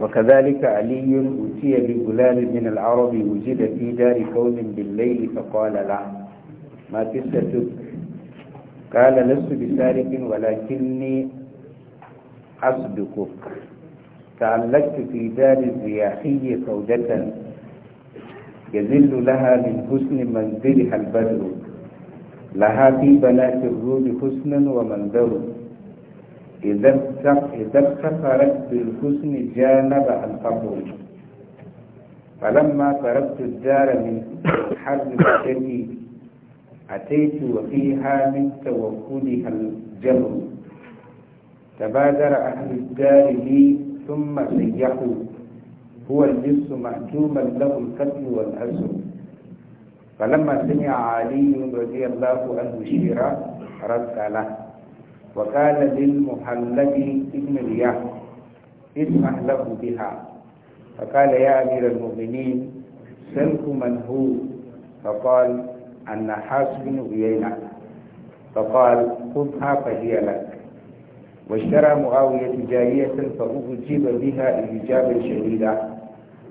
وكذلك علي أتي بغلام من العرب وجد في دار قوم بالليل فقال له ما قصتك قال لست بسارق ولكني أصدقك تعلقت في دار الرياحي فوجة يذل لها من حسن منزلها البدر لها في بنات الروم حسن ومنذر إذا افتخرت بالحسن جانب القبول فلما تركت الدار من حرب الشتي أتيت وفيها من توكلها الجر تبادر أهل الدار لي ثم سيحوا هو الجس مأتوما له القتل والأسر فلما سمع علي رضي الله عنه شيرا رد له وقال للمحلق ابن رياح اسمح له بها فقال يا أمير المؤمنين سلك من هو فقال النحاس بن عيينة فقال خذها فهي لك واشترى معاوية جارية فأجيب بها إعجابا شديدة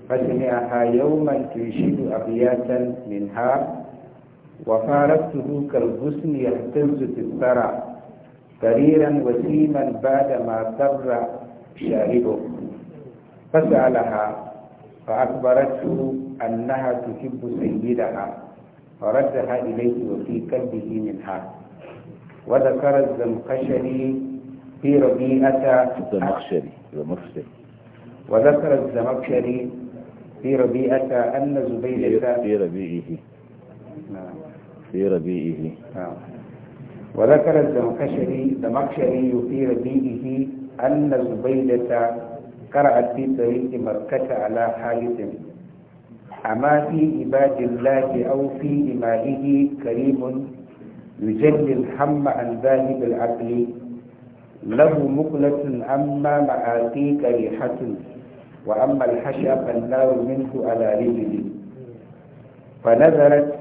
فسمعها يوما تنشد أبياتا منها وفارقته كالغصن يهتز في الثرى سريرا وسيما بعدما سر شاهده فسألها فأخبرته أنها تحب سيدها فردها إليه وفي قلبه منها وذكر الزمخشري في ربيعة الزمخشري الزمخشري وذكر الزمخشري في ربيعة أن زبيدة في ربيعه نعم. في ربيعه نعم وذكر الزمخشري زمخشري في ربيعه أن الزبيدة قرأت في طريق مركز على حادث أما في عباد الله أو في إمائه كريم يجلي الهم عن ذاهب العقل له مقلة أما معاتيك ريحة وأما الحشا فالنار منه على رجلي فنظرت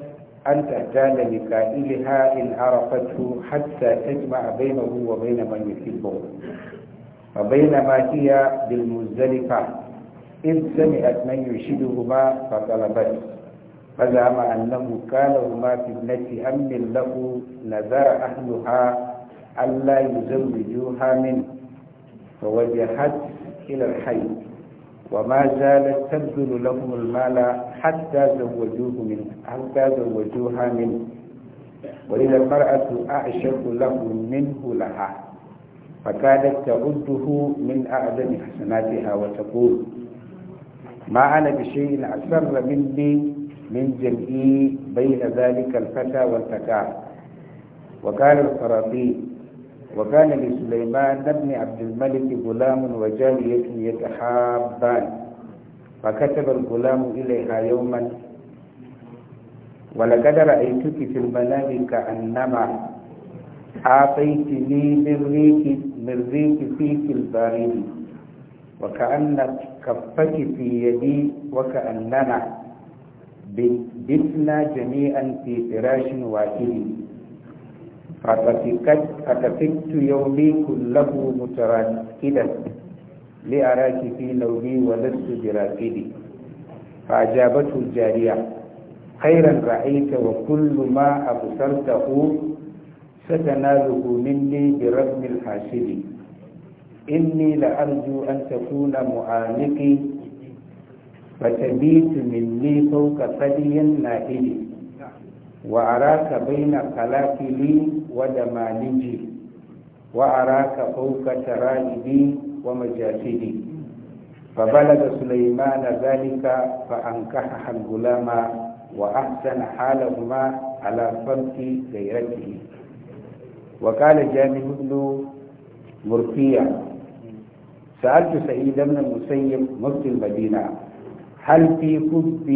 أن تهتال لكائلها إن عرفته حتى تجمع بينه وبين من يحبه وبينما هي بالمزدلفة إذ سمعت من يشدهما فطلبت فزعم أنه كان هما في ابنة أم له نذر أهلها ألا يزوجوها منه فوجهت إلى الحي وما زالت تبذل لهم المال حتى زوجوه منه حتى زوجوها منه وإذا المرأة أعشق له منه لها فكادت تعده من أعظم حسناتها وتقول ما أنا بشيء أسر مني من جمعي بين ذلك الفتى والفتاة وقال القرابي وكان لسليمان بن عبد الملك غلام وجارية يتحابان fakatabal gulamu ilai ha yau man wala kadara a yi tuki filbana ne ka an a bai ni mirri ki fi filbari ne wa ka ka faki fi ya ni wa ka an nana bit na jami an fi firashin waki ne fatafi kai لأراك في نومي ولست براقدي فأجابته الجارية خيرا رأيت وكل ما أبصرته ستناله مني برغم الحاسد إني لأرجو أن تكون معانقي فتبيت مني فوق ثدي نائلي وأراك بين قلاقلي ودمانجي وأراك فوق ترائبي ومجاهد فبلغ سليمان ذلك فأنكحها الغلام وأحسن حالهما على فرق غيرته وقال جامد بن مرقية سألت سعيد بن المسيب مفتي المدينة هل في حب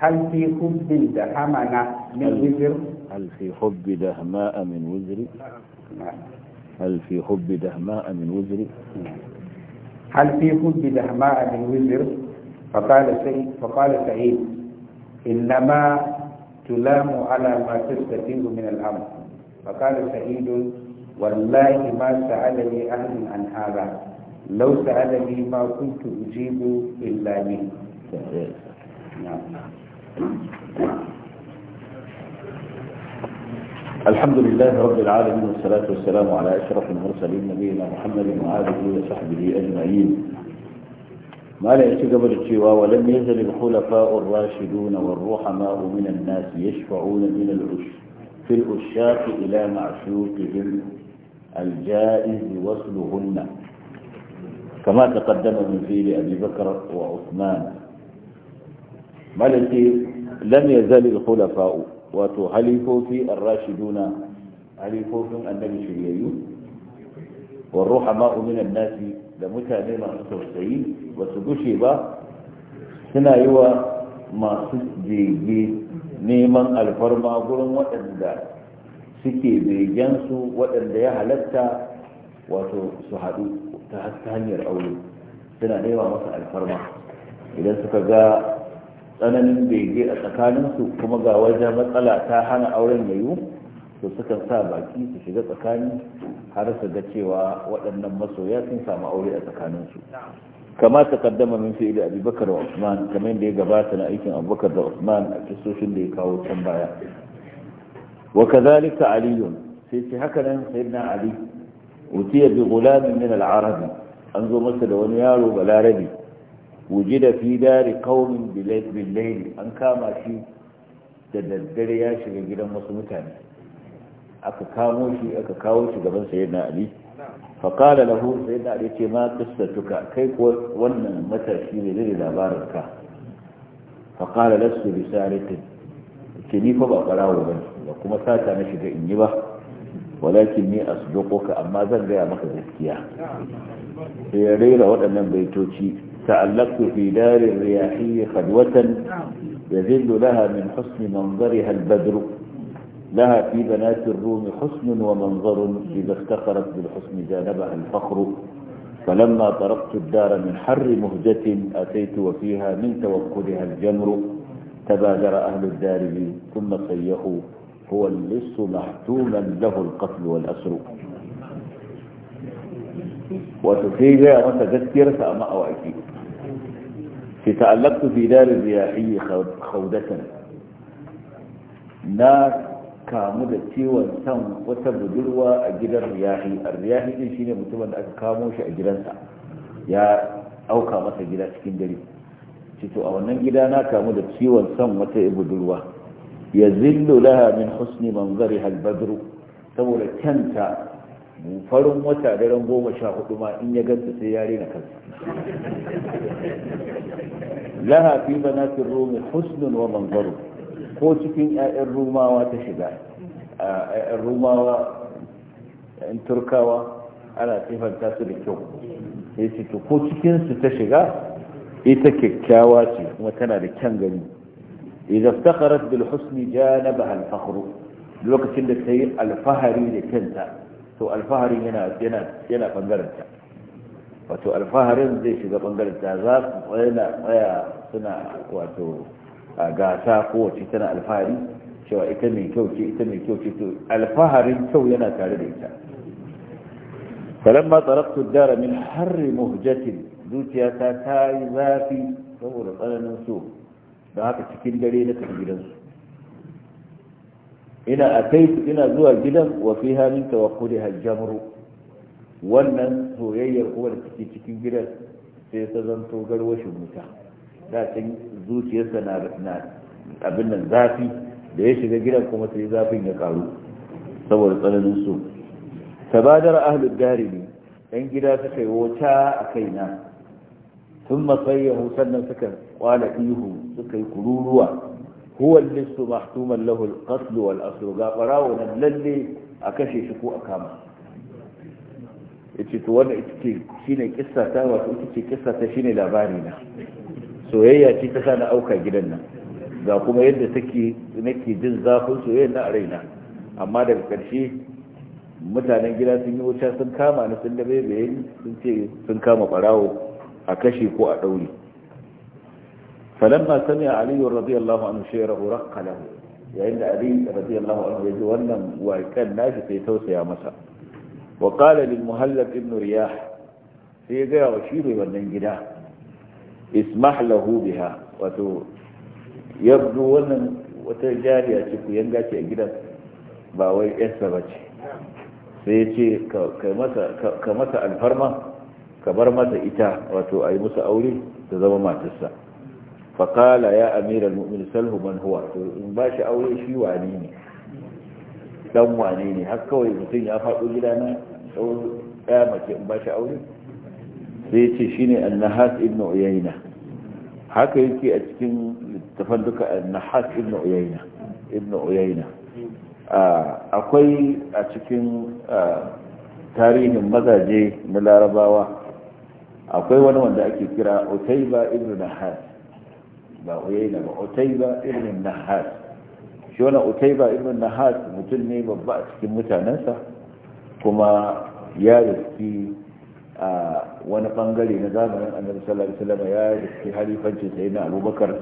هل في حب دهمنا من وزر؟ هل في حب دهماء من وزر؟ نعم هل في حب دهماء من وزر هل في حب دهماء من وزر فقال سعيد فقال سعيد إنما تلام على ما تستفيد من الأمر فقال سعيد والله ما سألني أحد عن هذا لو سألني ما كنت أجيب إلا به نعم الحمد لله رب العالمين والصلاة والسلام على أشرف المرسلين نبينا محمد آله وصحبه أجمعين ما لا يتقبل الجوا ولم يزل الخلفاء الراشدون والرحماء من الناس يشفعون من العش في الأشاق إلى معشوقهم الجائز وصلهن كما تقدم من فيل أبي بكر وعثمان ما لم يزل الخلفاء wato halifofi arrashiduna rashiduna halifofin annabi shiryayyu wa ruhama minan nasi da mutane masu tausayi ba su gushe ba suna yi wa masu jege neman alfarma gurin waɗanda suke begensu waɗanda ya halatta wato su haɗu ta hanyar aure suna nema masa alfarma idan suka ga tsananin bege a tsakaninsu kuma ga wajen matsala ta hana auren yayu to suka sa baki su shiga tsakani har su ga cewa waɗannan masoya sun samu aure a tsakaninsu kama ta kaddama min fi'ili abubakar wa usman kamar da ya gabata na aikin abubakar da usman a kisoshin da ya kawo can baya wa kazalika aliyun sai ce haka nan sayyidina ali utiya bi ghulamin min al-arabi an zo masa da wani yaro balarabi wujida fi dari qaumin bil an kama shi da daddare ya shiga gidan wasu mutane aka kamo shi aka kawo shi gaban sayyidina ali fa na lahu sayyidina ali ce ma qissatuka kai kuwa wannan matashi ne da labarin ka fa na su bi sariqin ce ni fa ba farawo ba da kuma sata na shiga in yi ba walakin ni asduquka amma zan gaya maka gaskiya sai ya rera waɗannan baitoci تعلقت في دار الرياحي خلوة يذل لها من حسن منظرها البدر لها في بنات الروم حسن ومنظر إذا افتخرت بالحسن جانبها الفخر فلما طرقت الدار من حر مهجة أتيت وفيها من توكلها الجمر تبادر أهل الدار بي ثم صيحوا هو اللص محتوما له القتل والأسر وتفيد متذكرة أما أوعكي ke ta'allaktu fi darin riyahi khaudatan na kamu da ciwon san wata budurwa a gidan riyahi a riyahi din shine mutumin da aka kamo shi a gidansa ya auka masa gida cikin dare cito a wannan gida na kamu da ciwon san wata budurwa ya zillu laha min husni manzari halbadru saboda kyanta mu farin wata daren goma sha hudu ma in ya ganta sai ya rena kansa laha fi banatin rumi husnun wa manzaru ko cikin 'ya'yan rumawa ta shiga 'ya'yan rumawa 'yan turkawa ana sifanta su da kyau sai su ko cikin su ta shiga ita kyakkyawa ce kuma tana da kyan gani idan ta bil husni ja na ba alfahru lokacin da ta yi alfahari da kyanta to alfaharin yana yana yana bangaren ta wato alfaharin zai shiga bangaren ta za su tsaya tsaya suna wato a gasa kowace tana alfahari cewa ita mai kyau ce ita mai kyau ce to alfaharin kyau yana tare da ita falamma taraktu dara min harri muhjatin zuciyata ta yi zafi saboda tsananin so don haka cikin dare na tafi gidansu ina akai ina zuwa gidan wa fi halin tawakkuli al-jamru wannan soyayyar kuma da take cikin gidan sai ta zanto garwashin wuta da can zuciyarsa na abin nan zafi da ya shiga gidan kuma sai zafin ya karu saboda tsananin so. tabadar ahlul ne. ɗan gida suka yi wata a kaina sun masayyahu sannan suka kwala ihu suka yi kururuwa huwa lissu mahtuman lahu al-qatl ga farawo nan lalle a kashe shi ko a kama yace to wannan ita ce shine kissa ta wato ita shine labari na soyayya ce ta sani auka gidan nan ga kuma yadda take nake jin zafin soyayya na a raina amma daga ƙarshe mutanen gida sun yi wuta sun kama ni sun dabe bayan sun ce sun kama barawo a kashe ko a ɗaure falamma sami ali radiyallahu anhu shayrahu raqqa lahu yayin da ali radiyallahu anhu ya ji wannan waƙan nashi sai tausaya masa wa qala lil muhallab ibn riyah sai ga wa shi ne wannan gida ismah lahu biha wato yabdu wannan wata jariya ce ku yanga ce a gidan ba wai yarsa ba ce sai ce ka masa alfarma ka bar masa ita wato a yi musu aure ta zama matarsa faƙala ya amiral mu'min salhu man huwa to in ba shi aure shi wane ne dan wane ne har kawai mutum ya faɗo gida na tsawon ɗaya mace in ba shi aure sai ce shi ne annahas ibn uyayna haka yake a cikin littafan duka annahas ibn uyayna ibn uyayna akwai a cikin tarihin mazaje na larabawa akwai wani wanda ake kira utaiba ibn nahas ba uyayna ba utayba ibn nahas shi wannan utayba ibn nahas mutum ne babba a cikin mutanensa kuma ya riski a wani bangare na zamanin annabi sallallahu alaihi wasallam ya riski sai na abubakar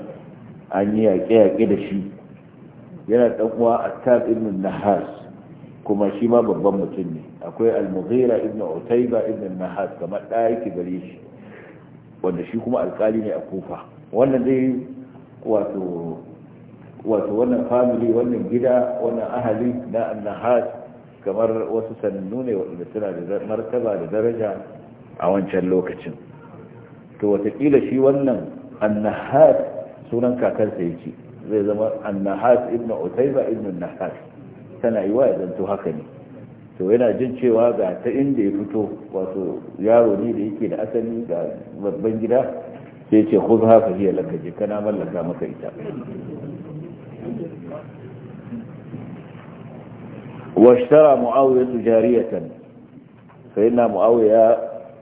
an yi yaƙe-yaƙe da shi yana ɗan uwa attab ibn nahas kuma shi ma babban mutum ne akwai al-mughira ibn utayba ibn nahas kamar ɗaya yake gare shi wanda shi kuma alƙali ne a kufa wannan dai wato wato wannan family wannan gida wannan ahali na annahas kamar wasu sanannu ne waɗanda suna da martaba da daraja a wancan lokacin to watakila shi wannan annahas sunan kakarsa ce zai zama annahas ibn utaiba ibn nahas tana yi wa ya zanto haka ne to yana jin cewa ga ta inda ya fito wato yaro ne da yake da asali ga babban gida sai ce ku za ka hiya laka je kana mallaka maka ita washtara muawiya jariyatan sai na muawiya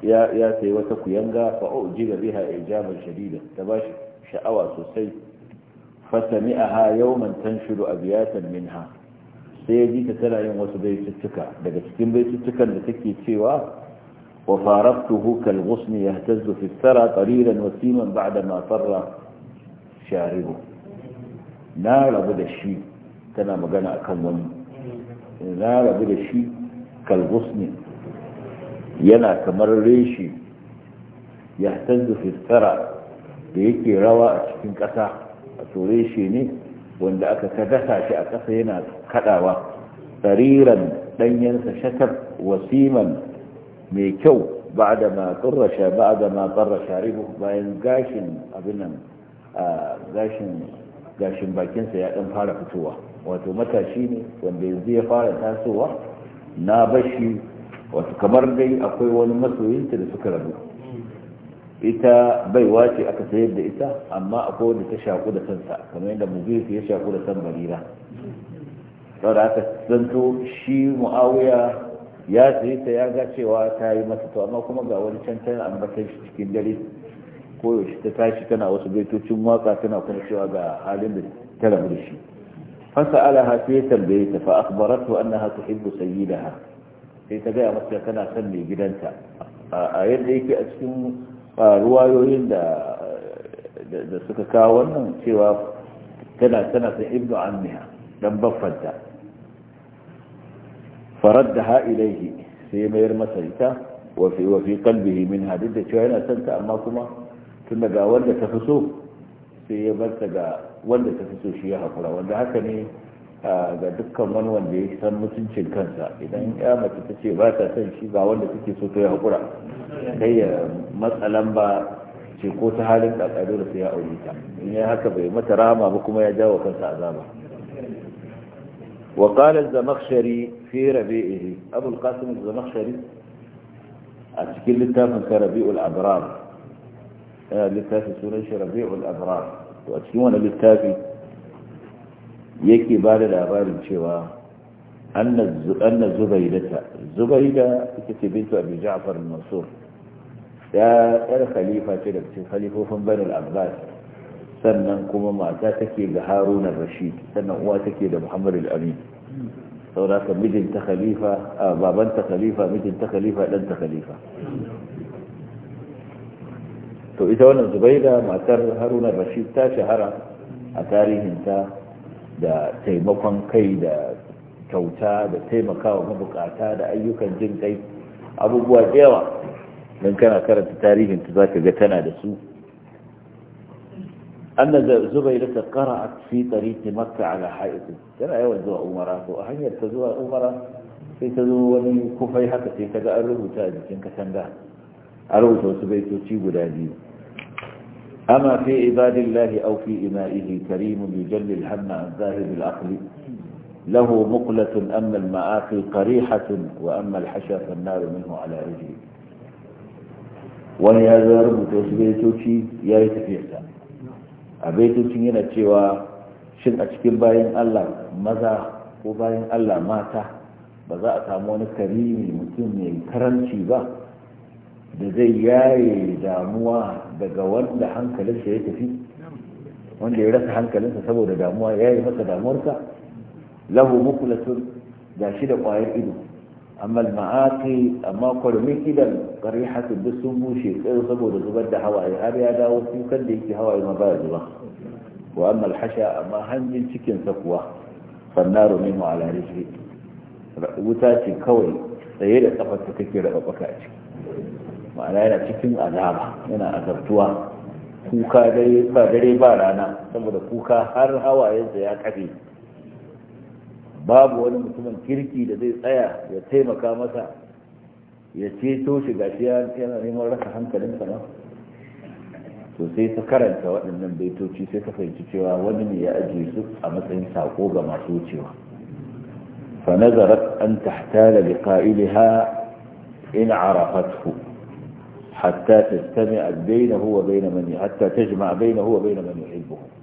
ya ya sai wata kuyanga fa ujiba biha ijaban shadida ta bashi sha'awa sosai fa sami'aha yawman tanshudu abiyatan minha sai ya ji ta tana yin wasu baituttuka daga cikin baituttukan da take cewa وفارقته كالغصن يهتز في الثرى قليلا وسيما بعدما فر شاربه نار بد الشيء كما مجانا أكمل نار بد الشيء كالغصن ينا كمر ريشي يهتز في الثرى بيكي روى أشكين كتا أتوريشي ني وإن دعك كدسا شيء أكثينا كتا وقريرا لن ينسى وسيما mai kyau ba da ma tsarrasha ba da ma tsarrasha ribu bayan gashin abin nan gashin gashin bakinsa ya ɗan fara fitowa wato matashi ne wanda yanzu ya fara tasowa na bashi wato kamar dai akwai wani masoyinta da suka rabu ita baiwa ce aka sayar da ita amma akwai wanda ta shaku da kansa kamar yadda zai ya shaku da san barira da aka zanto shi mu'awiya ya sayi ta ya ga cewa ta yi masa to amma kuma ga wani can tana ambatan shi cikin dare ko yaushe ta tashi tana wasu baitocin waka tana kuma cewa ga halin da ta rabu da shi fasalaha sai tambaye ta fa akhbaratu annaha tuhibbu sayyidaha sai ta gaya masa tana son mai gidanta a yadda yake a cikin ruwayoyin da da suka kawo wannan cewa tana tana son ibnu ammiha dan baffanta da ilaihi sai mayar masa ita wafi fi wa fi da cewa yana son ta amma kuma tun daga wanda ta fi so sai ya bar ta ga wanda ta fi so shi ya haƙura wanda haka ne ga dukkan wani wanda ya san mutuncin kansa idan ya mace ta ce ba ta son shi ba wanda take so to ya hakura kai ya matsa lamba ce ko ta halin kakado da sai ya aure ta in ya haka bai mata rama ba kuma ya jawo kansa azaba وقال الزمخشري في ربيعه أبو القاسم الزمخشري أتكل لتافنك ربيع الأبرار لتافي سوريش ربيع الأبرار وأتكلون للتافي يكي بعد الأبار شوى أن أن الزبيدة الزبيدة كتبت أبي جعفر المنصور يا الخليفة كده خليفة بني العباس sannan kuma mata take ga haruna rashid sannan uwa take da muhammad al-amin sauraka mijin ta khalifa a baban ta khalifa mijin ta khalifa dan ta khalifa to ita wannan zubaida matar haruna rashid ta shahara a tarihinta da taimakon kai da kyauta da taimakawa mabukata da ayyukan jin kai abubuwa da yawa don kana karanta tarihinta za ka ga tana da su أن زبيلة قرأت في طريق مكة على حائط كان أيوة زوى أمرا وأهنية تزوى أمرا في تزوى كفاي حتى في كذا أروه تاجي كنك سندا أروه وسبيت تيب لادي أما في عباد الله أو في إمائه كريم يجلي الهم عن ذاهب العقل له مقلة أما المآخي قريحة وأما الحشا فالنار منه على رجلي ولهذا ربك وسبيت تيب يا يتفيع a baitocin yana cewa shin a cikin bayan Allah maza ko bayan Allah mata ba za a samu wani karimi mutum mai karanci ba da zai yaye damuwa daga wanda hankalinsa ya tafi wanda ya rasa hankalinsa saboda damuwa ya yi masa damuwarsa lahu mukulatun ga shi da kwayar ido amma ma'aqi amma kurmin idan qarihatu duk sun bushe tsiro saboda zubar da hawaye har ya dawo kukan da yake hawaye ma ba zuba wa amma alhasha amma hanjin cikin sa kuwa fannaru min ala rijli wuta ce kawai tsaye da kafa ta take raba baka a ciki ma'ana yana cikin azaba yana azabtuwa kuka ba dare ba rana saboda kuka har hawayensa ya kafe babu wani mutumin kirki da zai tsaya ya taimaka masa ya ce ceto shi gashi yana neman rasa hankalinsa ma to sai ta karanta waɗannan baitoci sai ta fahimci cewa wani ne ya ajiye su a matsayin sako ga masu wucewa fa nazarat an tahtala bi qailiha in arafathu hatta tastami'a bainahu wa bain man hatta tajma'a bainahu wa bain man yuhibbuhu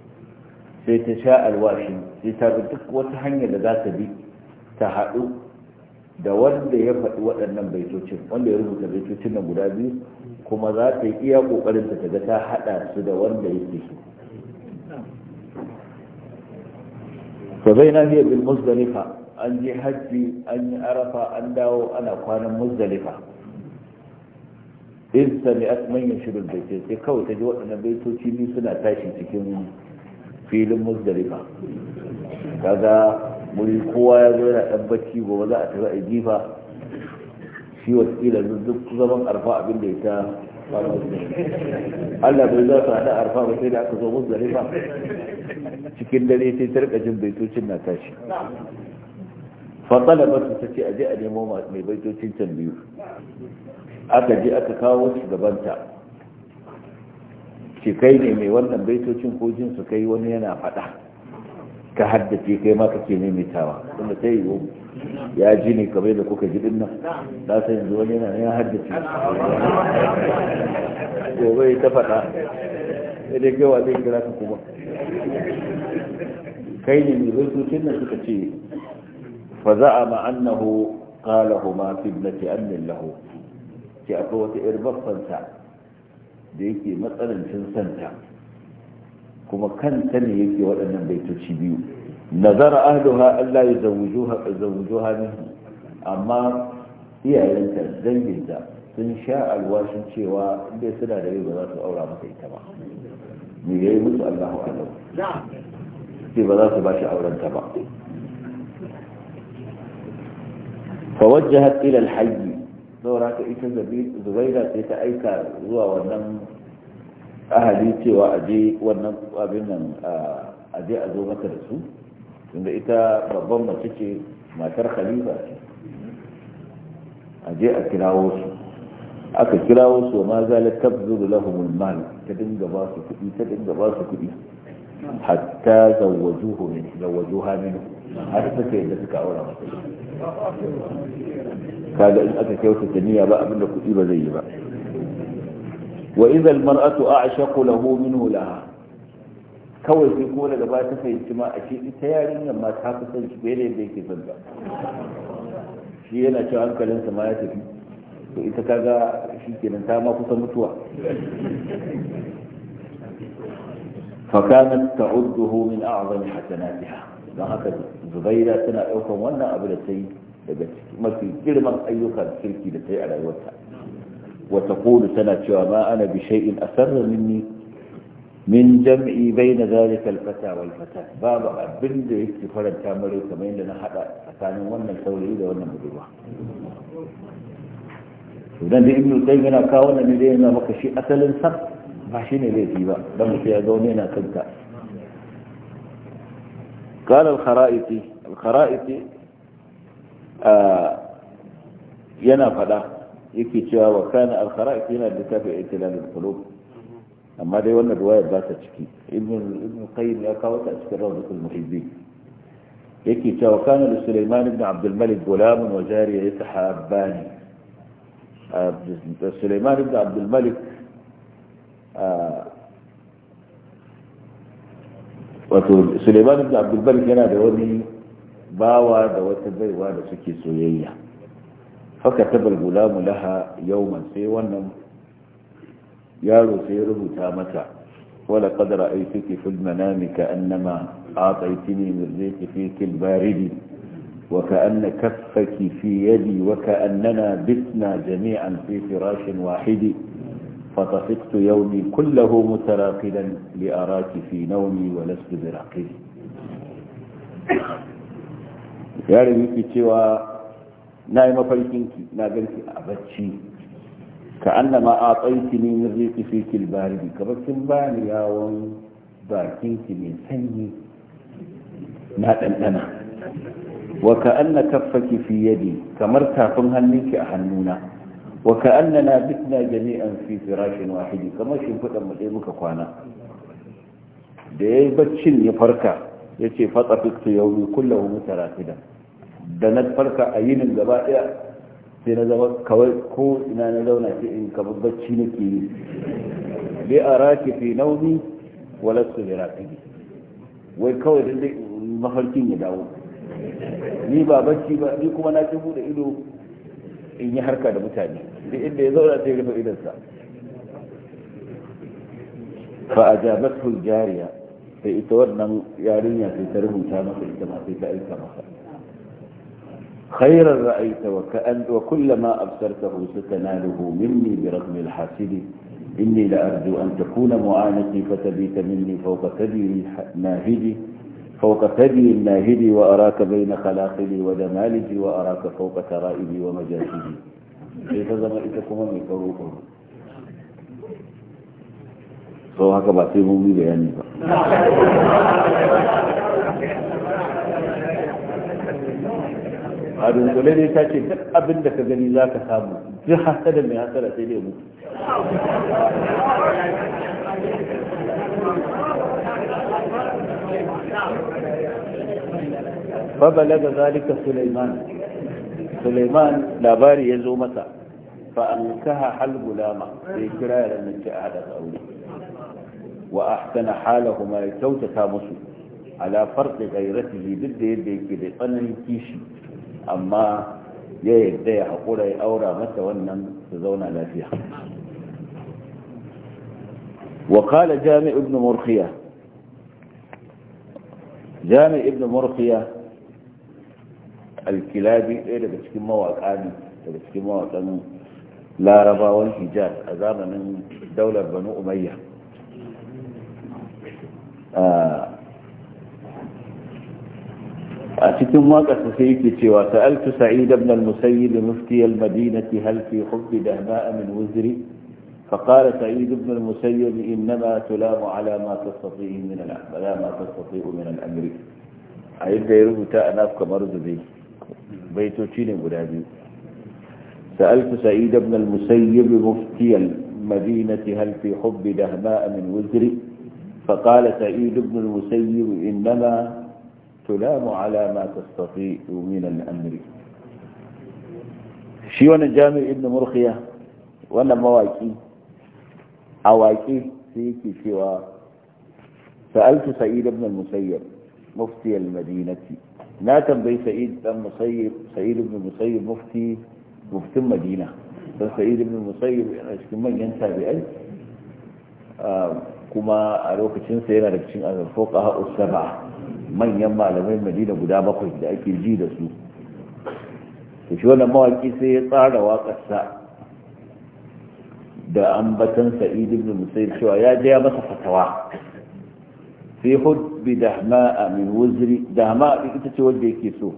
sai ta sha alwashi sai ta bi duk wata hanyar da za ta bi ta haɗu da wanda ya faɗi waɗannan baitocin wanda ya rubuta baitocin na guda biyu kuma za ta yi iya ƙoƙarin ta ga ta haɗa su da wanda yake so fa bai na hiya bin muzdalifa an je hajji an yi arafa an dawo ana kwanan muzdalifa in sami man shirin baiti sai kawai ta ji waɗannan baitoci biyu suna tashi cikin filin musdalifa kaga muri kowa ya zo yana dan bacci gobe za a tafi a jifa shi watakila duk zaman arfa abin da ya ta Allah bai za su haɗa arfa ba sai da aka zo musdalifa cikin dare sai ta rika jin baitocin na tashi fatala masu ta ce a a nemo mai baitocin can biyu aka je aka kawo shi gabanta ki kai ne mai wannan baitocin ko jin su kai wani yana faɗa ka haddace kai ma kake maimaitawa kuma sai yiwu ya ji ne kamar da kuka ji din nan na san yanzu wani yana ya haddace gobe ta faɗa sai dai gawa zai gira ka kuma kai ne mai baitocin nan suka ce fa za'ama annahu qalahu ma fi ibnati annin lahu ce akwai wata irbaffansa da yake matsanancin santa kuma kanta ne yake waɗannan baitoci biyu nazara ahluha Allah ya zawujuha minhu amma iyayenta danginta sun sha alwashin cewa inda suna da yau ba za su aura masa ita ba me yayi musu Allahu alam sai ba za su ba shi auren ta ba fawajjahat ila alhayy saboda haka ita zubaida sai ta aika zuwa wannan ahali cewa aje wannan abin nan aje a zo maka da su inda ita babban mace ce matar khalifa ce aje a kirawo su aka kirawo su ma zala tabzuru lahum almal ta dinga ba su kudi ta dinga ba su kudi hatta zawwajuhu min zawwajuha minhu har suka yadda suka aura kaga in aka kyautata niyya ba abinda kuɗi ba zai yi ba wa idza almar'atu a'shaqu lahu minhu laha kawai sai kuma daga baya ta fahimci ma a ce ita yarinyar ma ta fi son shi bai da yadda yake son ta shi yana cewa hankalinsa ma ya tafi to ita kaga shi kenan ta ma kusa mutuwa فكانت تعده من أعظم حسناتها don haka zubaira tana ɗaukan wannan abu da ta yi daga mafi girman ayyukan kirki da ta yi a rayuwarta wata kodu tana cewa ma ana bi shay'in asarra minni min jam'i bai na al-fata wal fata babu abin da yake faranta mare kamar yadda na haɗa tsakanin wannan saurayi da wannan budurwa idan da ibnu qayyim yana kawo wannan ne yana maka shi asalin sa ba zai laifi ba dan mutum ya zaune yana kanta قال الخرائطي الخرائطي آه، ينا فدا يكي تشوا وكان الخرائط هنا لتابع اعتلال القلوب اما دي وانا دواية باسا تشكي ابن ابن القيم يا وتا تشكي روضة المحبين يكي تشوا وكان لسليمان ابن عبد الملك غلام وجاري يتحابان آه، سليمان ابن عبد الملك آه wato suleiman ibn abdulbar yana da wani bawa da wata baiwa da suke soyayya faka tabal gulamu laha yawman sai wannan yaro sai ya rubuta mata wala qadara aitiki fil manami ka annama ataitini min zayki fi kil baridi wa ka anna kaffaki fi yadi wa ka annana bitna jami'an fi firashin wahidi فطفقت يومي كله متراقدا لأراك في نومي ولست براقب ya rubuta cewa na yi mafarkinki na ganki a bacci ka annama a tsaiki ne min riƙi fi kilbari ka bakin bani yawon bakinki mai sanyi na ɗanɗana wa ka anna kaffaki fi yadi kamar kafin hannunki a hannuna wa ka'annana bitna jami'an fi firashin wahidi kamar shi shimfiɗan mu ɗaya muka kwana da ya yi baccin ya farka ya ce fatsa fiktu ya wuri kullum mutara fidan da na farka a yinin gaba ɗaya sai na zama kawai ko ina na zauna ce in kama bacci nake yi bi a raki fi nauni wala su da rafi wai kawai da mafarkin ya dawo ni ba bacci ba ni kuma na ci buɗe ido in yi harka da mutane لإني inda ya zauna sai rufe idansa fa ajabathu al-jariya sai ita wannan yarinya خيرا رأيت وكأن وكلما أبصرته ستناله مني برغم الحاسد إني لأرجو أن تكون معانتي فتبيت مني فوق ثدي ناهدي فوق ثدي الناهدي وأراك بين خلاقلي ودمالجي وأراك فوق ترائبي ومجاسدي sai ta zama ita kuma mai karo karo sau haka ba sai mun bayani ba a dunkule ne ta ce duk abin da ka gani za ka samu duk hasada mai hasada sai dai mutu فبلغ ذلك سليمان سليمان لاباري يزو متى فأنكها حل لاما في كرائر النجاة على الأولي وأحسن حالهما يتوت تامسو على فرق غيرته ضد يدي كده أنا يكيشي أما يهدي حقولا يأورا متى وانم تزونا لا فيها وقال جامع ابن مرخية جامع ابن مرخية الكلابي ايه ده بسكين موعد عادي ده بسكين لا ربا والحجاز أزام من دولة بنو أمية آه أتكم ما سيدي سوى سألت سعيد بن المسيب مفتي المدينة هل في حب دهماء من وزري فقال سعيد بن المسيب إنما تلام على ما تستطيع من الأحب لا ما تستطيع من الأمر أعيد ديره تأناف كمرض بيه بيت ne guda سألت سعيد بن المسيب مفتي المدينة هل في حب دهماء من وزري فقال سعيد بن المسيب إنما تلام على ما تستطيع من الأمر شيوان الجامع ابن مرخية وانا مواكي أواكي سيكي شوا سألت سعيد بن المسيب مفتي المدينة na tambayi sa'id dan musayyib sa'id ibn musayyib mufti muftin madina dan sa'id ibn musayyib yana cikin manyan tabi'ai ah, kuma a lokacin sa yana da cikin al-fuqaha us manyan malamai madina guda bakwai da ake ji da su to shi wannan mawaki sai ya tsara waƙarsa da ambatan sa'id ibn musayyib cewa ya je ya masa fatawa fi hudbi dahma'a min wuzri dahma'a ita ce wanda yake so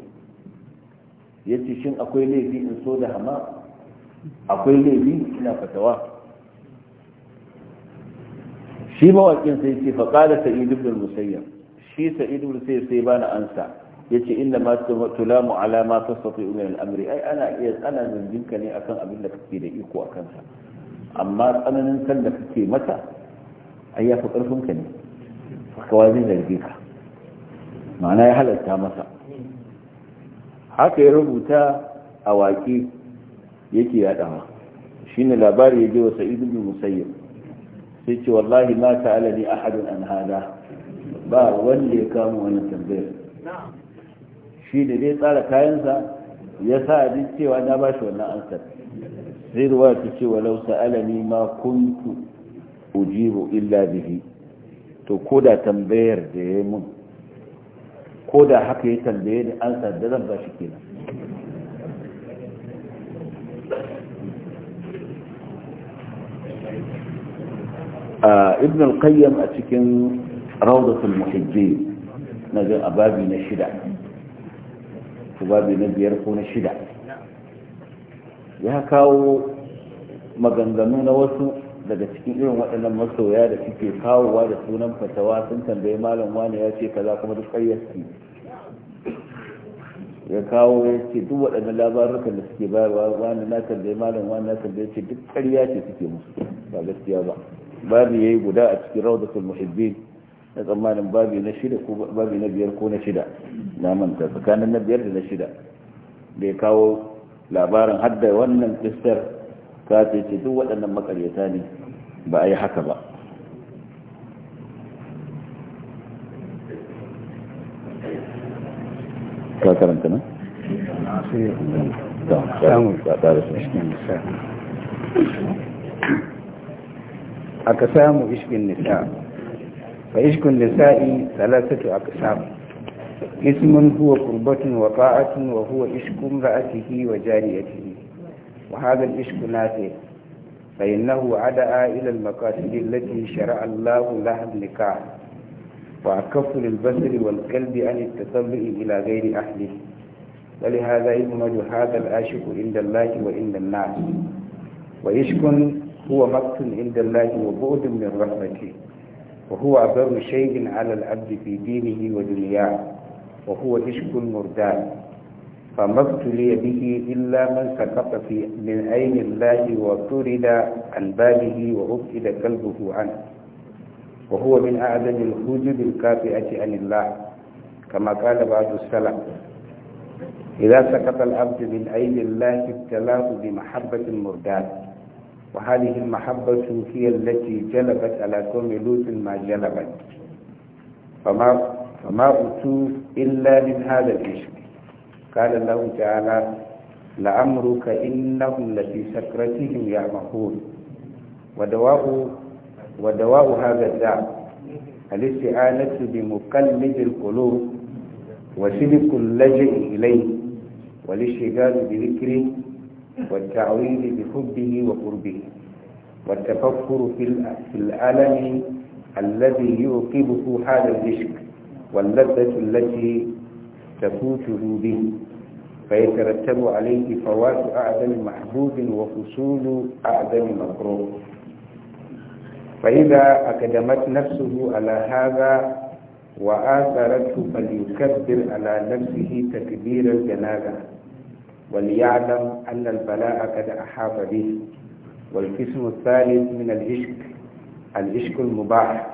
yace shin akwai laifi in so dahma akwai laifi ina fatawa shi mawakin sai ce fa qala sa'id ibn musayyab shi sa'id ibn sai sai bana ansa yace inna ma tulamu ala ma tastati'u min al-amri ai ana iya ana zunjinka ne akan abin da kake da iko akan sa amma tsananin kan da kake mata ai ya fi karfin ka ne kawai zai zargi ka ma'ana ya halatta masa haka ya rubuta a waƙi yake yaɗawa shi ne labari ya je wa sa'idu bin musayyib sai ce wallahi ma ta'ala a ahadun an hada ba wanda ya kama wani tambayar shi da dai tsara kayansa ya sa a cewa na ba shi wannan ansar zai ruwa ta ce lausa sa'ala ma kuntu ujibu illa bihi to ko da tambayar da ya yi mun ko da haka ya tambaye ni an sanda zan ba shi kenan ibn al-qayyim a cikin rawdatul muhajjin na jin ababi na shida babi na biyar ko na shida ya kawo maganganu na wasu daga cikin irin waɗannan masoya da suke kawowa da sunan fatawa sun tambayi malam wani ya ce kaza kuma duk ƙayyarsu ya kawo ya ce duk waɗannan labarukan da suke bayarwa wani na tambayi malam wani na tambayi ce duk ƙarya ce suke musu ba gaskiya ba babu yayi guda a cikin rawdatul muhibbin na tsammanin babi na shida ko babi na biyar ko na shida na manta tsakanin na biyar da na shida da ya kawo labarin hadda wannan kistar ka ce duk waɗannan makaryata ne ba a yi haka ba kakaranta nan? aka samu ishkin nisa fa ishkin nisa'i salatatu aka samu ismin huwa kurbatun wa ƙa'atun wa huwa ishkun ra'atihi wa jariyatihi وهذا الإشك نافع فإنه عدا إلى المقاصد التي شرع الله لها النكاح وأكف للبصر والقلب عن التطلع إلى غير أهله ولهذا يدمج هذا العاشق عند الله وعند الناس وإشك هو مقت عند الله وبعد من رحمته وهو أبر شيء على العبد في دينه ودنياه وهو إشك مرداد فما ابتلي به إلا من سقط في من عين الله وطرد عن باله وأبعد قلبه عنه وهو من أعظم الحجب الكافئة عن الله كما قال بعض السلف إذا سقط العبد من عين الله ابتلاه بمحبة مرداد وهذه المحبة هي التي جلبت على قوم لوط ما جلبت فما فما أتوا إلا من هذا العشق قال الله تعالى لعمرك إنهم لفي سكرتهم يعمهون ودواء ودواء هذا الداء الاستعانة بمقلب القلوب وسلك اللجئ إليه والاشتغال بذكره والتعويل بحبه وقربه والتفكر في الألم الذي يعقبه هذا العشق واللذة التي تفوته به فيترتب عليه فوات أعدم محبوب وفصول أعدم مكروه فإذا أقدمت نفسه على هذا وآثرته فليكبر على نفسه تكبير الجنازة وليعلم أن البلاء قد أحاط به والقسم الثالث من العشق العشق المباح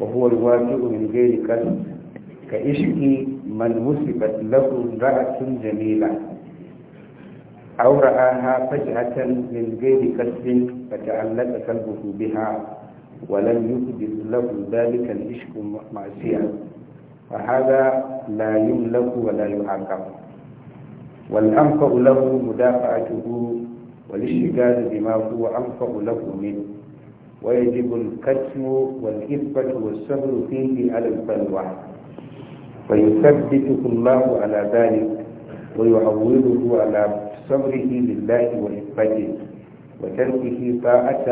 وهو الواجب من غير قلب كعشق من وسبت له امرأة جميلة أو رآها فجأة من غير قصد فتعلق قلبه بها ولم يحدث له ذلك العشق معصية فهذا لا يملك ولا يعاقب والأنفع له مدافعته والاشتغال بما هو أنفع له منه ويجب الكتم والإثبات والصبر فيه على البلوى فيثبته الله على ذلك ويعوضه على صبره لله وإثباته وتركه طاعة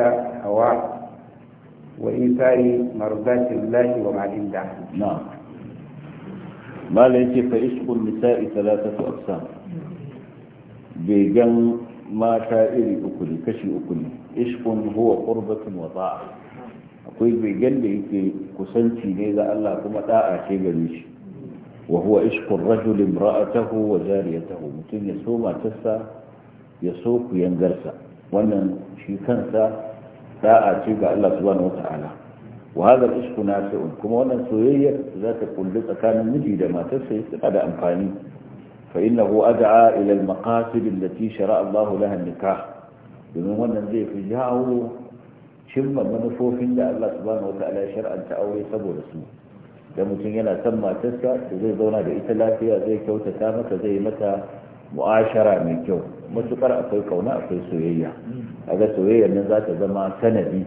هواه وإيثار مرضاة الله ومع الله نعم ما ليس فإشق النساء ثلاثة أقسام بجن ما شائر أكل كشي أكل إشق هو قربة وطاعة أقول بجن لإيك كسنتي نيزا الله كما طاعة شيء wahuwa iskun ishkur rajul imra'atahu wa jariyatahu mutum ya so matarsa ya so ku yangarsa wannan shi kansa da'a ce ga Allah subhanahu wata'ala wa hadha ishku nasi'un kuma wannan soyayya za ta kulli tsakanin miji da matarsa ya yana da amfani fa innahu ad'a ila al-maqasid allati shara'a Allah laha an domin wannan zai fi jawo cimma manufofin da Allah subhanahu wata'ala ya shar'anta aure saboda su da mutum yana son matarsa da zai zauna da ita lafiya zai kyautata mata zai mata mu'ashara mai kyau matukar akwai kauna akwai soyayya ga soyayyar nan za ta zama sanadi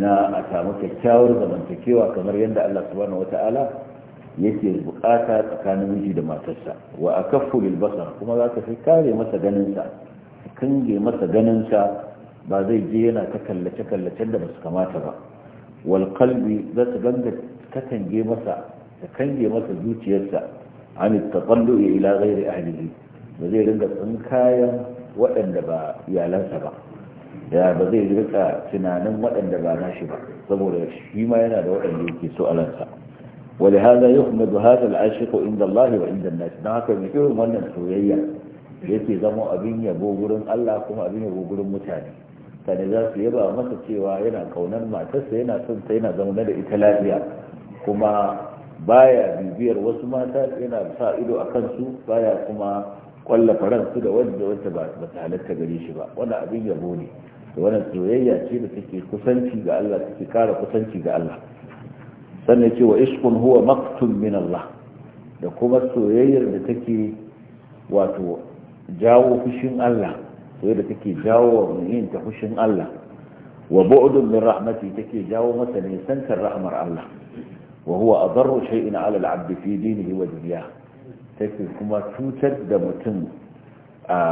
na a samu kyakkyawar zamantakewa kamar yadda Allah subhanahu wata'ala yake bukata tsakanin miji da matarsa wa a lil basar kuma za ta fi kare masa ganin sa kange masa ganin sa ba zai je yana ta kallace kallacen da basu kamata ba wal qalbi za ta ganga katange masa ta kange masa zuciyarsa an ya ila ghairi ahlihi ba zai ringa tsinkayan waɗanda ba iyalansa ba ya ba zai rika tunanin waɗanda ba nashi ba saboda shi ma yana da waɗanda yake so a ransa ولهذا يحمد هذا العاشق عند الله وعند الناس dan haka mai irin wannan soyayya yake zama abin yabo gurin Allah kuma abin yabo gurin mutane sani za su yaba masa cewa yana kaunar matarsa yana son ta yana zaune da ita lafiya kuma baya bibiyar wasu mata yana sa ido a kansu baya kuma kwalla su da wanda wata ba ta halatta gare shi ba wani abin yabo ne da wani soyayya ce da take kusanci ga Allah take kara kusanci ga Allah sannan ce wa ishqun huwa maqtun min Allah da kuma soyayyar da take wato jawo fushin Allah soyayya da take jawo mu'min ta fushin Allah wa bu'dun min rahmati take jawo masa nisantar rahmar Allah وهو أضر شيء على العبد في دينه ودنياه تكتب كما توتد دا متن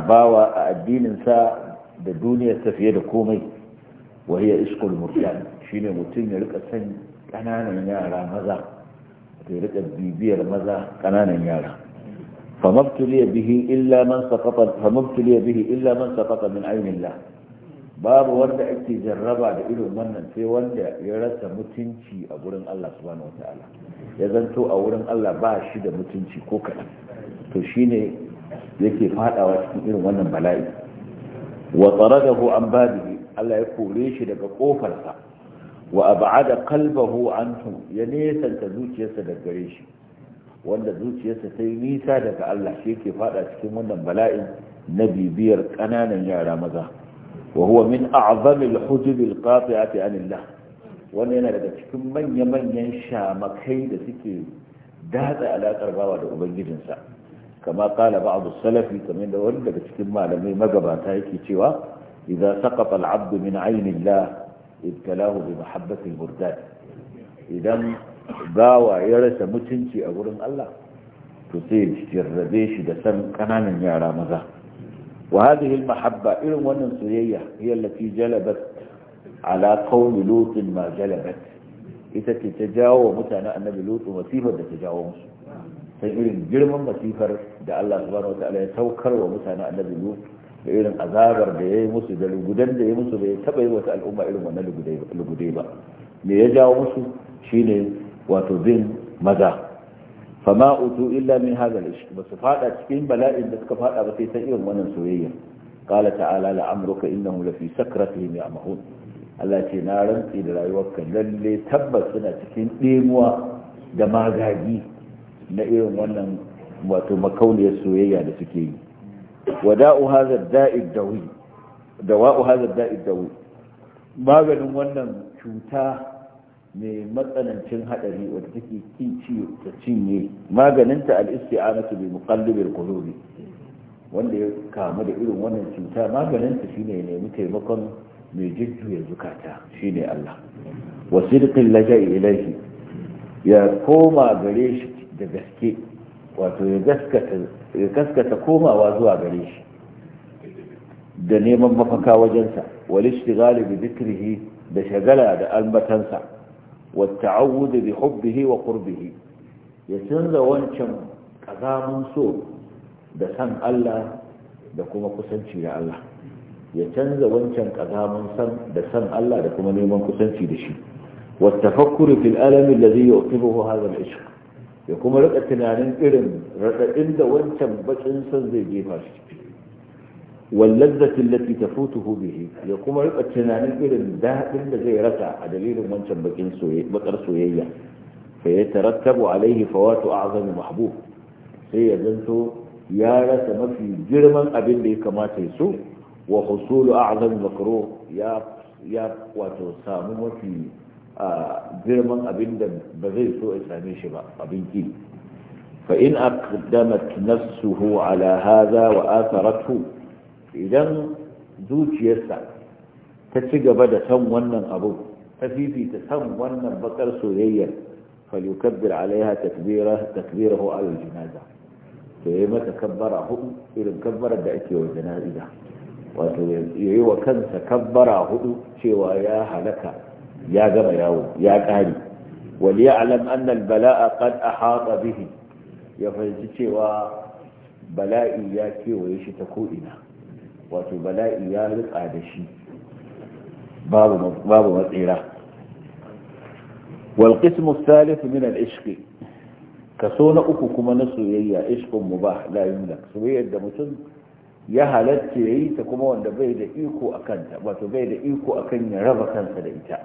باوى الدين انسى دا دنيا تفيه دا كومي وهي إشق المرجان شين متن يلقى سن كنانا يارا مزا يلقى بيبير مزا كنانا يارا فما ابتلي به إلا من سقط فما ابتلي به إلا من سقط من عين الله babu wanda ake jarraba da irin wannan sai wanda ya rasa mutunci a gurin Allah subhanahu wataala ya zanto a wurin Allah ba shi da mutunci ko kada to shine yake fadawa cikin irin wannan bala'i wa taradahu an babihi Allah ya kore shi daga kofarsa wa ab'ada qalbahu anhu ya ta zuciyarsa daga gare shi wanda zuciyarsa sai nisa daga Allah shi yake fada cikin wannan bala'in na bibiyar ƙananan yara maza wa huwa min a'zamil hujub al-qati'ati anillah yana daga cikin manya-manyan shamakai da suke datsa alakar bawa da ubangijinsa kamar kala ba'd salafi kamar da wani daga cikin malamai magabata yake cewa idza saqata al-'abd min 'ayni Allah ibtalahu bi mahabbati murdad idan bawa ya rasa mutunci a gurin Allah to sai shi da san kananan yara maza وهذه المحبة إلى ون سرية هي التي جلبت على قوم لوط ما جلبت إذا تتجاوى متعنى النبي لوط jawo تتجاوى sai irin girman masifar da Allah subhanahu wataala ya saukar wa mutane annabi Lut da irin azabar da ya yi musu da lugudan da ya musu bai taba yi wata al'umma irin wannan ba me ya jawo musu shine wato bin maza fama utu illa min hadha al-ishq ba su fada cikin bala'in da suka fada ba sai ta irin wannan soyayya qala ta'ala la amruka innahum la fi sakratihim ya'mahun Allah ce na rantsi da rayuwarka lalle tabbas suna cikin ɗemuwa da magagi na irin wannan wato makauniyar soyayya da suke yi wada'u hadha da'id dawi dawa'u hadha da'id dawi maganin wannan cuta mai matsanancin hadari wadda take kin ciwo ta cinye maganinta al-isti'anatu bi muqallibil qulubi wanda ya kamu da irin wannan cuta maganinta shine ya nemi taimakon mai jujjuya zukata shine Allah wa sidqil laja'i ilayhi ya koma gare shi da gaske wato ya gaskata ya gaskata komawa zuwa gare shi da neman mafaka wajensa wal ishtighali bi dhikrihi da shagala da albatansa والتعود بحبه وقربه يسنز وانشم قدام سوء da san Allah da kuma kusanci da Allah ya canza wancan kazamin san da san Allah da kuma neman kusanci da shi wattafakkuri fil alami alladhi yuqibuhu hadha al-ishq ya kuma rika tunanin irin radadin da wancan bakin san zai jefa shi واللذة التي تفوته به يقوم رقا تنانين إذن ده إلا زي رسع دليل وانشان بكين سوية بكر سوية فيترتب عليه فوات أعظم محبوب سيزنته يا رسع ما في جرما أبن لي كما تيسو وحصول أعظم مكروه يا يا واتو سامو في جرما أبن ده بغير سوء إسلامي شبا أبن كي فإن أقدمت نفسه على هذا وآثرته idan zuciyarsa ta ci gaba da san wannan abu ta fifita san wannan bakar soyayyar falyukabbir alaiha takbira ho ala janaza to yayi mata kabbara hudu irin kabbarar da ake wa janaza wato yi wa kansa kabbara hudu cewa ya halaka ya gama yawo ya kare wani ya anna al bala'a a ahata bihi ya fahimci cewa bala'i ya kewaye shi ta ko'ina wato bala'i ya rika da shi babu matsira wal qismu thalith min al ishqi kaso na uku kuma na soyayya ishqun mubah la yumlak soyayyar da mutum ya halatta yayi ta kuma wanda bai da iko akan ta wato bai da iko akan ya raba kansa da ita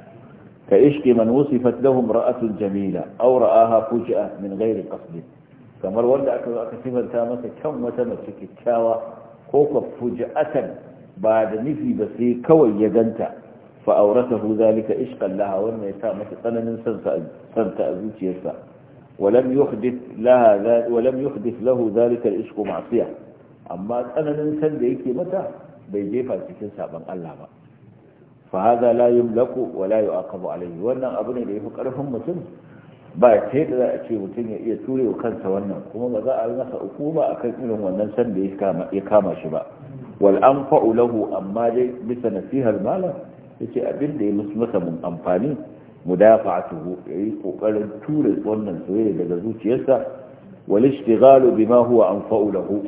ka ishqi man wusifat lahum ra'atun jamila aw ra'aha fuji'a min ghairi qasd kamar wanda aka aka sifanta masa kan wata mace kikkiawa ko ka asan ba da nufi ba sai kawai ya ganta fa auratahu zalika ishqan laha wannan ya sa mata tsananin san ta a zuciyarsa ولم يحدث لها ولم يحدث له ذلك العشق معصيه amma tsananin san da yake mata bai jefa cikin sabon Allah ba fa hadha la yumlaku wa la yu'aqabu alayhi wannan abu ne da yafi karfin mutum ba ce da za a ce mutum ya iya ture wa kansa wannan kuma ba za a yi masa ba a kan irin wannan san da ya kama shi ba wal an lahu amma dai bisa nasihar malam ya ce abin da ya musu masa mun amfani mu dafa tuhu ya yi kokarin ture wannan soyayya daga zuciyarsa wal ishtighalu bima huwa an lahu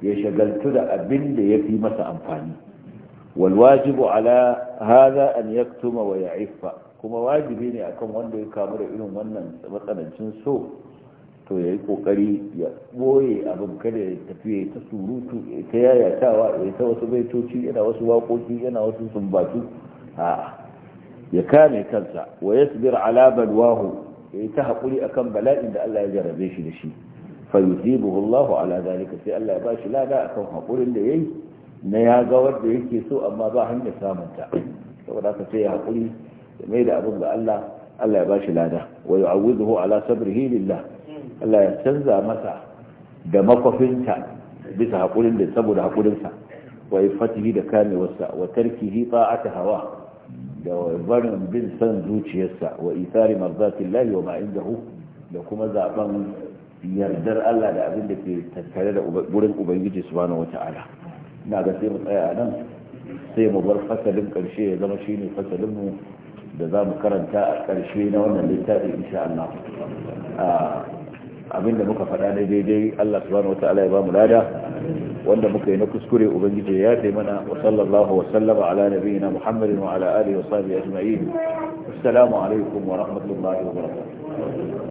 ya shagaltu da abin da ya fi masa amfani wal wajibu ala hadha an yaktuma wa ya'iffa kuma wajibi ne akan wanda ya kamu da irin wannan matsanancin so to ya yi kokari ya boye abin kada ya tafi ya ta surutu ya ta ya ta wasu baitoci yana wasu waƙoƙi yana wasu sumbatu a ya kame kansa wa yasbir ala balwahu ya yi ta haƙuri akan bala'in da Allah ya jarabe shi da shi fa yusibuhu Allahu ala zalika sai Allah ya bashi lada akan haƙurin da yayi na ya ga wanda yake so amma ba hanyar samunta saboda aka sai ya haƙuri ya mai da abin ga Allah Allah ya ba shi lada wa yu'awwidhu ala sabrihi lillah Allah ya canza masa da makwafinta bisa hakurin da saboda haƙurinsa sa wa ifatihi da kamewarsa wa tarkihi ta'ata hawa da barin bin san zuciyarsa wa isari marzatillahi wa ma'indahu da kuma zaben yardar Allah da abin da ke tattare da wurin ubangiji subhanahu wata'ala ina ga sai mu tsaya a nan sai mu bar fasalin karshe ya zama shine fasalin mu da za mu karanta a ƙarshe na wannan littafi insha Allah abinda muka faɗa na daidai Allah subhanahu wata'ala ya ba mu lada wanda muka yi na kuskure ubangiji ya yafe mana wa sallallahu wa sallama ala nabiyyina muhammadin wa ala alihi wa sahbihi ajma'in assalamu alaikum wa rahmatullahi wa barakatuh